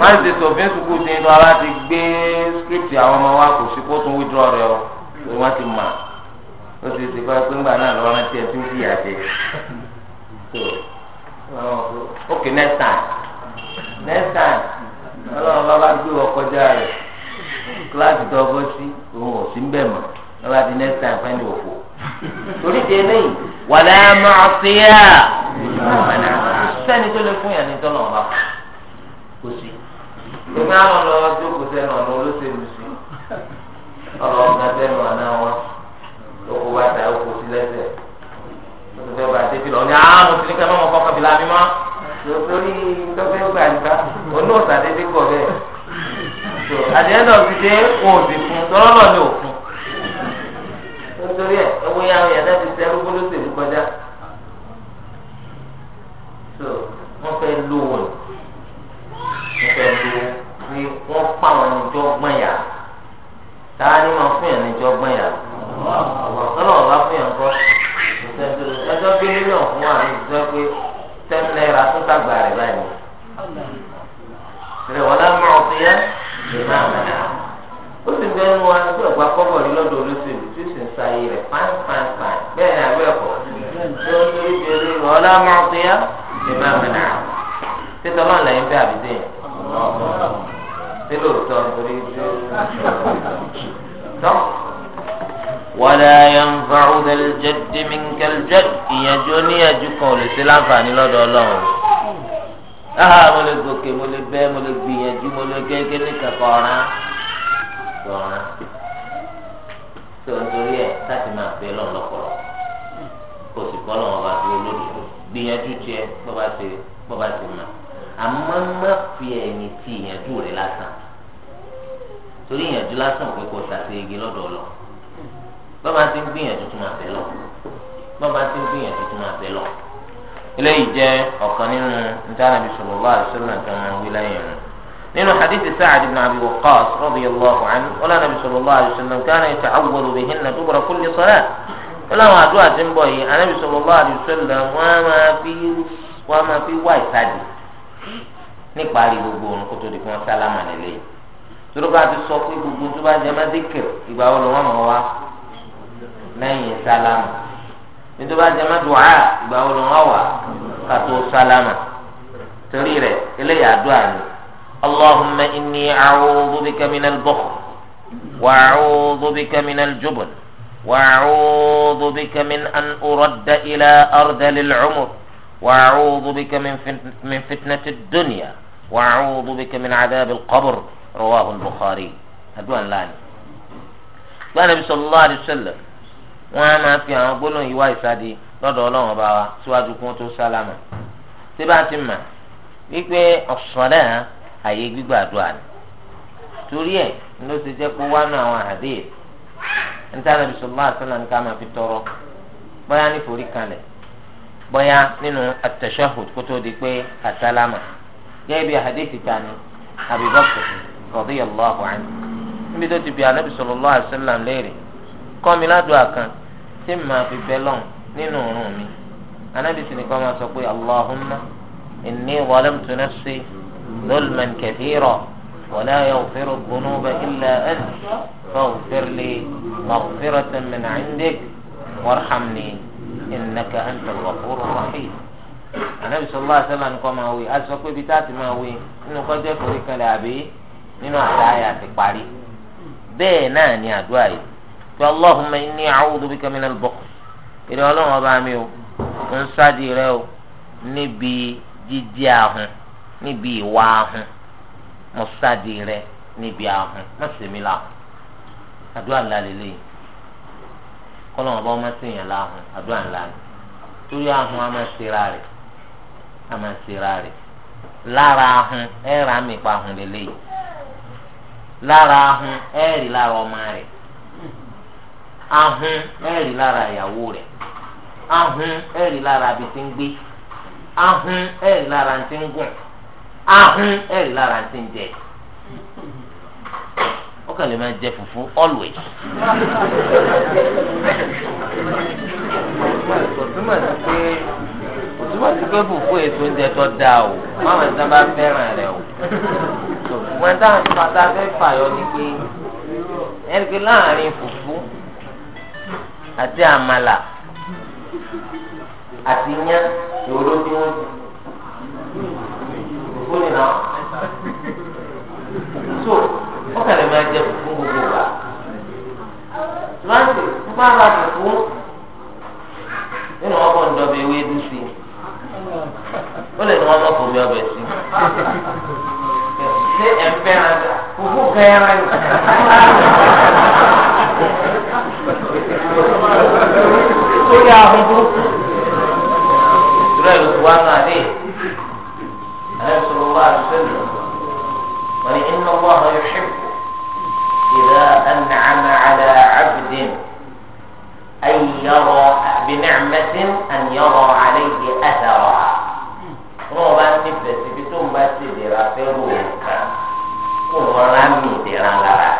wọ́n ti sòfin sukùl tí inú ara ti gbé script àwọn ọmọ wa kò sí kó tún withdraw rẹ o wọ́n ti mọ̀ ó ti ti kọ́ pé náà lọ́wọ́ rántí ẹ̀ tó ń ok next time next time ọlọ́run bá bá gbé wọ kọjá rẹ̀ kíláàsì tó ọgbọ́n sí òun ò sí ń bẹ̀ mọ́ lọ́wọ́ di next time fẹ́ ní òfò torí ti eléyìí wàlẹ́ máa fi yá sẹ́ni tó lè fún yàn ní tọ́lọ̀ ọba kò sí ìgbà wọn lọ jókòó sẹ́nu ọ̀nà olóṣèlú sí ọ̀rọ̀ ọ̀gá sẹ́nu ọ̀nà wọn. lọ ní àwọn mo ti ní kẹ́ mọ́ mọ́ kọ́kọ́ bí lábí mọ́ lórí tọ́pẹ́ gbà nípa onú ọ̀sà dédé kọ̀ bẹ́ẹ̀ so at the end of the day wọn ò sì fún tọ́lọ́ náà ní òfun nítorí ẹ ẹwọ yẹn àwọn yẹn náà ti sẹ́rú gbólóṣèlú kọjá so wọ́n fẹ́ lówó ni wọ́n fẹ́ lówó pé wọ́n pa àwọn ẹnìjọ́ gbọ́n yà táwọn ni wọ́n fún yẹn ẹnìjọ́ gbọ́n yà lọ́wọ́ bá fún yẹn kọ́ ẹjọ́ bí mílíọ̀n fún wa ní ìjọ pé ten naira tó tàgbà rẹ̀ báyìí. rẹ̀ wọ́n lámọ̀ ọ̀sìn yẹn lè má mẹ́ta. ó sì bẹ́ẹ̀ nu wa tí ọ̀gbà kọ́bọ̀ rí lọ́dọ̀ olóṣèlú tí ó sì ń sa iye rẹ̀ fáin fáin fáin bẹ́ẹ̀ ni àgbẹ̀ ẹ̀kọ́. wọ́n lámọ̀ ọ̀sìn yẹn lè má mẹ́ta. títọ́ lọ́nà lẹ́yìn bẹ́ẹ̀ àbí dẹ́yìn. tí ولا ينفع ذا الجد منك الجد ìyànjú oníyànjú kan ò lè ṣe láǹfààní lọ́dọ̀ ọlọ́run aha mo lè gòkè mo lè bẹ́ mo lè gbìyànjú mo lè gẹ́gẹ́ ní kẹ̀kọ́ ọ̀ràn ọ̀ràn tó nítorí ẹ̀ láti máa bẹ lọ́n lọ́pọ̀lọ́ kò sì kọ́ lọ́wọ́ bá ti olódodo gbìyànjú tiẹ̀ bọ́ba ti bọ́ba ti mọ̀ àmọ́ má fi ẹ̀yìn ti ìyànjú rẹ̀ lásán torí ìyànjú lásán pé kò ṣàṣeyege lọ́dọ̀ ọlọ́run. bàbá ti ń gbìyànjú tó máa fẹ́ lọ bàbá ti ń gbìyànjú tó máa fẹ́ lọ. eléyìí jẹ́ ọ̀kan nínú ntànàbí sallallahu alaihi wasallam tó máa wí lẹ́yìn rẹ̀. nínú hadith Sa'ad ibn Abi Waqqas radiyallahu anhu ọlá nàbí sallallahu alaihi wasallam kana yata'awwadu bihinna dubura kulli salat. ó láwọn àdúrà ti ń bọ̀ yìí anábì sallallahu alaihi wasallam wọ́n máa fi wá ìsádi nípa gbogbo kó wa lẹ́yìn sálámà nítorí bá jẹ́ mẹ́tò á ìgbà wo ló ń wà kàtó sálámà torí rẹ̀ eléyà àdúrà ni allahumma inni a'udhu bika min al-bukhl wa a'udhu bika min al-jubn wa a'udhu bika min an uradda ila ardhal al-umr wa a'udhu bika min fitnati dunya wa a'udhu bika min 'adhab al-qabr rawahu al-bukhari àdúrà ńlá ni. gbọ́dọ̀ bí wọn a máa fi àwọn gbólóhùn yìí wá ìsádi lọ́dọ̀ ọba wa síwájú kí tó sálámà tí bá ti mà wípé ọ̀sọ̀rẹ́ àyè gbígbàdúrà ni torí ẹ̀ ló ti jẹ́ pé wánú àwọn àdéhì nítorí bisalòlá àtúnlá ní ká máa fi tọrọ bóyá ní forí bóyá nínú kó tó di pé gẹ́gẹ́ bí ta ni níbi tó ti bí tí ma fi bẹ́ lọ́n nínú òórùn mi anábì sì ni kọ́ máa sọ pé allahumma inni zalamtu nafsi zulman kathira wala yaghfiru dhunuba illa anta faghfir li maghfiratan min 'indik warhamni innaka antal ghafurur rahim anabi sọlá sẹlá nǹkan máa wí a aṣọ pé bi tá ti ma wí nínú kọjá ìkórè kan lè àbí nínú àtàyà ti parí bẹ́ẹ̀ náà ni àdúrà yìí pé Allahumma inni a'udhu bika minal bukhl ìrẹ́ ọlọ́run ọba mi o ń sáàdì rẹ o níbi jíjí ahun níbi ìwà ahun mo sáàdì rẹ níbi ahun má ṣe mí láhùn àdúrà ńlá kọ́lọ́run ọba ọmọ sí yẹn láhùn àdúrà ńlá ni torí ahun a máa ṣera a máa ṣera ahụ lára ahun ahụ mi pa ahun lélẹ́yìn lára ahun ahun ẹ̀rí lára ìyàwó rẹ̀ ahun ẹ̀rí lára ibi tí ń gbé ahun ẹ̀rí lára ti ń gùn ahun ẹ̀rí lára ti ń jẹ ó kàn lè máa jẹ fùfú always. òtúmọ̀ sí pé fùfú ètò oúnjẹ tó dáa o máwọn ìjọba bá fẹ́ràn rẹ̀ o. ṣùgbọ́n táwọn ìfọ̀tà fẹ́ fàyọ ni pé ẹni pé láàrin fùfú. àti àmàlà àti yán ìwòrò tí wọ́n fún mi náà so wọ́n kàlẹ́ máa jẹ fún gbogbo wa láti nípa ara fùfú nínú ọkọ̀ ńdọ́bẹ̀ ewé dùn sí ó lè ní wọ́n mọ̀ mi sórí ahun burúkú ìdúró ẹ̀rọ tó wá náà dé ẹ̀rọ sọ̀rọ̀ wá sẹ́lẹ̀ wọ́n ní iná wọ́n àwọn yóò إذا أنعم على عبد أن يرى بنعمة أن يرى عليه أثرها wọn bá ní fẹsí bí tó ń bá ti dèrà fẹ́rù ọ̀kan kó wọn rà mí dèrà lára.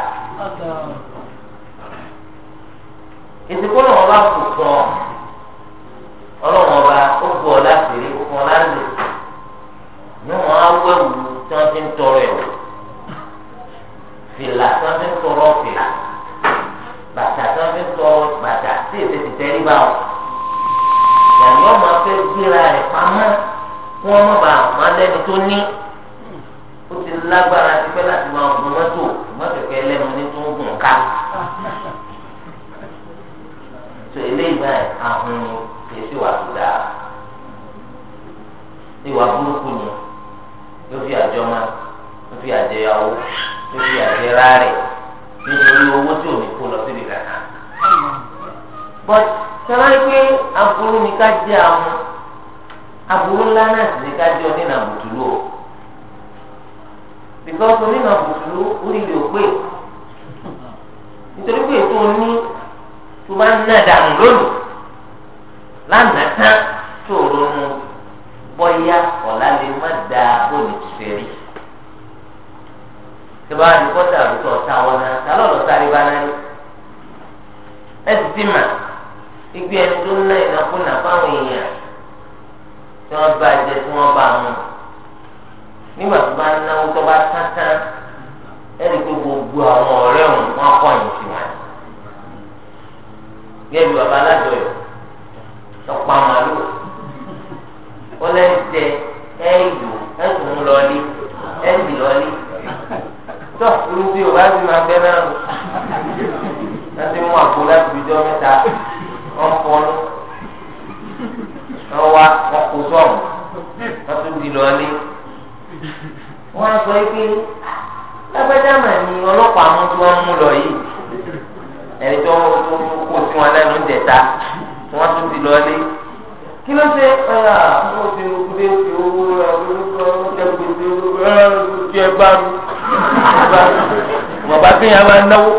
ìsìnkú náà wọn bá kù sọ ọlọ́wọ́n ọba ó bu ọ láti rí ó fún ọ láti rí. ما أنه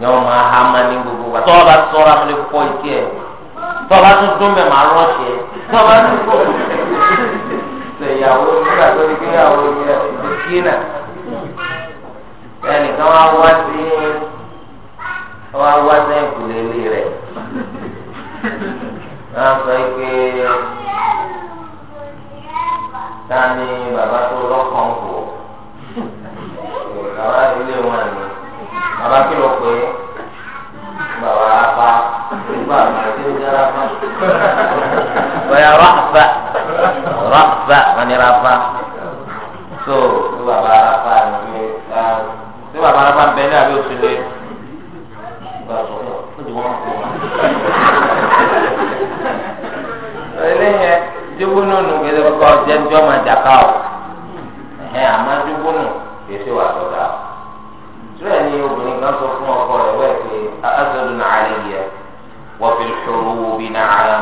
ni wọn máa ha máa ní gbogbo wa tọ́wọ́ bá tọ́ra mi lè fọ ìdí ẹ̀ tọ́wọ́ bá tún dún mẹ́ màá rọ́ọ̀ṣì ẹ̀ tọ́wọ́ bá tún kọ́ ṣe ìyàwó nígbà tó ní kíyàwó ní ẹ̀ẹ́dẹ́gbẹ́nà ẹnìkan wá wá sí wá wá sẹ́yìn kùlé ilé rẹ̀ wọ́n sọ pé ta ni bàbá tó lọ́kàn kù àwọn ilé wọn ni bàbá kí ló pé bàbá apá nígbà tí ó jẹ́ rafa. bóyá rafa rafa wọn rafa so tí bàbá rafa ni tí bàbá rafa bẹ ní àbí òsì lé gbà sọ fún ọ ní wọn kọ wọn. eléyẹn dúgbónú nù o ẹ̀ àmọ́ dúgbónù kì í ṣe wà na obìnrin kan sọ fún ọkọ na wẹ́ẹ̀ pé azọdún àlẹyẹ wọ́n fi ṣòro bí na ara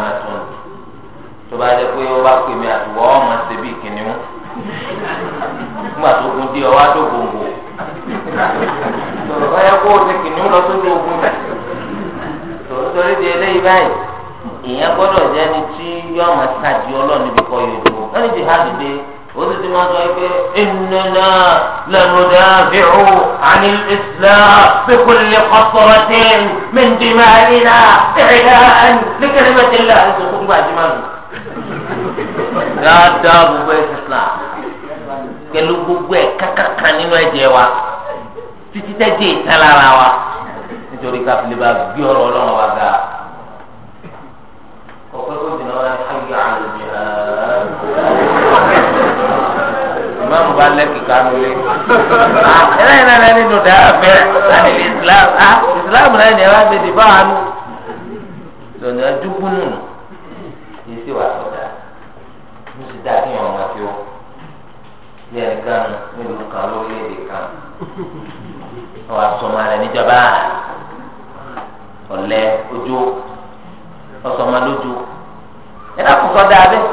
tó bá jẹ pé ó bá pè mí àtiwọ́ ọmọ ṣe bí ya nígbà tó gbòǹgbò kó o ti kìnìún lọ torí di eléyìí báyìí ìyẹn ni tí ṣáàjì jihad dé. وزيد ما ذلك إننا لندافع عن الإسلام بكل قطرة من دمائنا إعلاء لكلمة الله أنت تقوم بأجمال لا دابوا بيت الإسلام pẹ̀lú gbogbo ẹ̀ kákàkà nínú ẹ̀jẹ̀ wa títí tẹ́jẹ̀ ìtàn lára wa nítorí káfílẹ̀ bá gbé ọ̀rọ̀ ọlọ́run wa ga. ọ̀pẹ́ kò jìnnà wọn á ṣe àlùjẹ́ ààrẹ ìmáàmù bá lẹ́kì kánú lé. ẹlẹ́yìn náà lẹ́ni nù dáa fẹ́ láti lè islam ah islam náà ni ẹ wá ṣe ti bá wa nù. lọ́nà dúkú nù yìí sì wà sọ̀dá mo sì dá kíyàn ọmọ fi ó bí ẹnìkan nílùú kan lórílẹ̀‐èdè kan wọ́n asọ̀mọ́ rẹ̀ níjọba ọ̀lẹ́ ojú ọ̀sọ̀mọ́ lójú ẹ̀dá kò sọ́dá bẹ́ẹ̀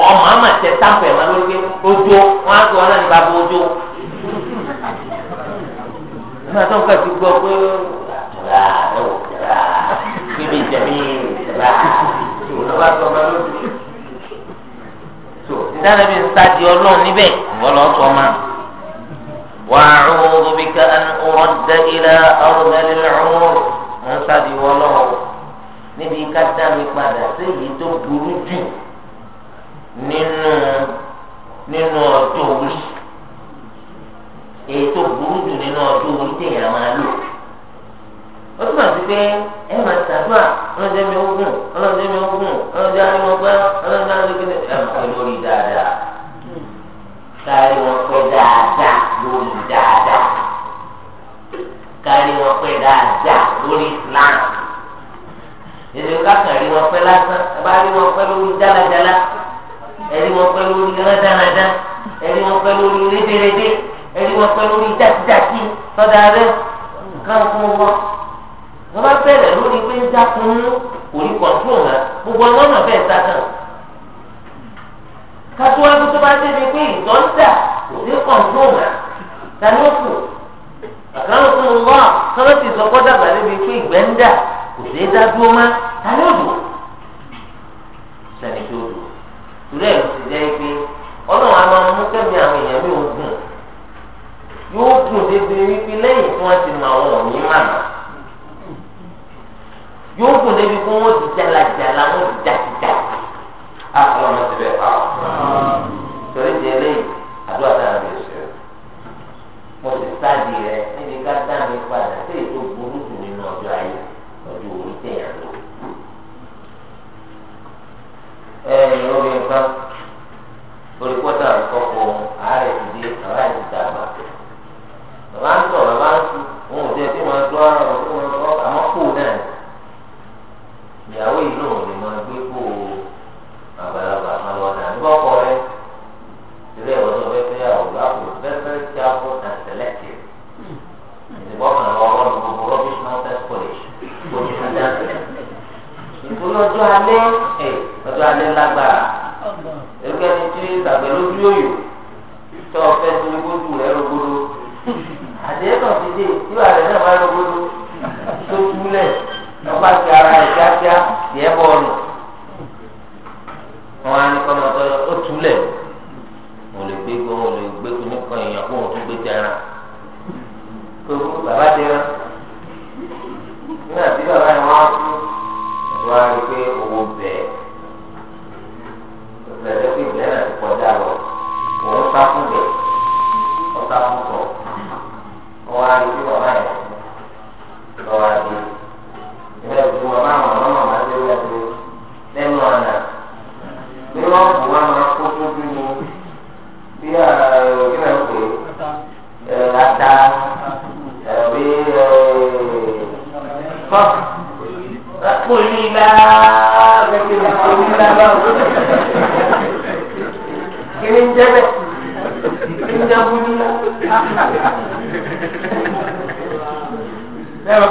wọn màmá tẹ sáfù ẹ máa lórí pé ojú wọn á sọ ọ náà ní bàbá ojú. nígbà tó ń kà sí gbọ́ pé ra ẹ wò ra bíbí jẹ̀mí ra ló bá sọ ọmọ lójú. ìdáná mi ń sáàdì ọlọ́run níbẹ̀ wọ́n sọ ọmọ. وأعوذ بك أن أرد إلى أرذل العمر من سادي ولو نبي كتامي ماذا سيدي تبرجي nínú nínú ọjọ́ orí èyí tó burú jù nínú ọjọ́ orí téèyàn máa lò ó túmọ̀ sí pé.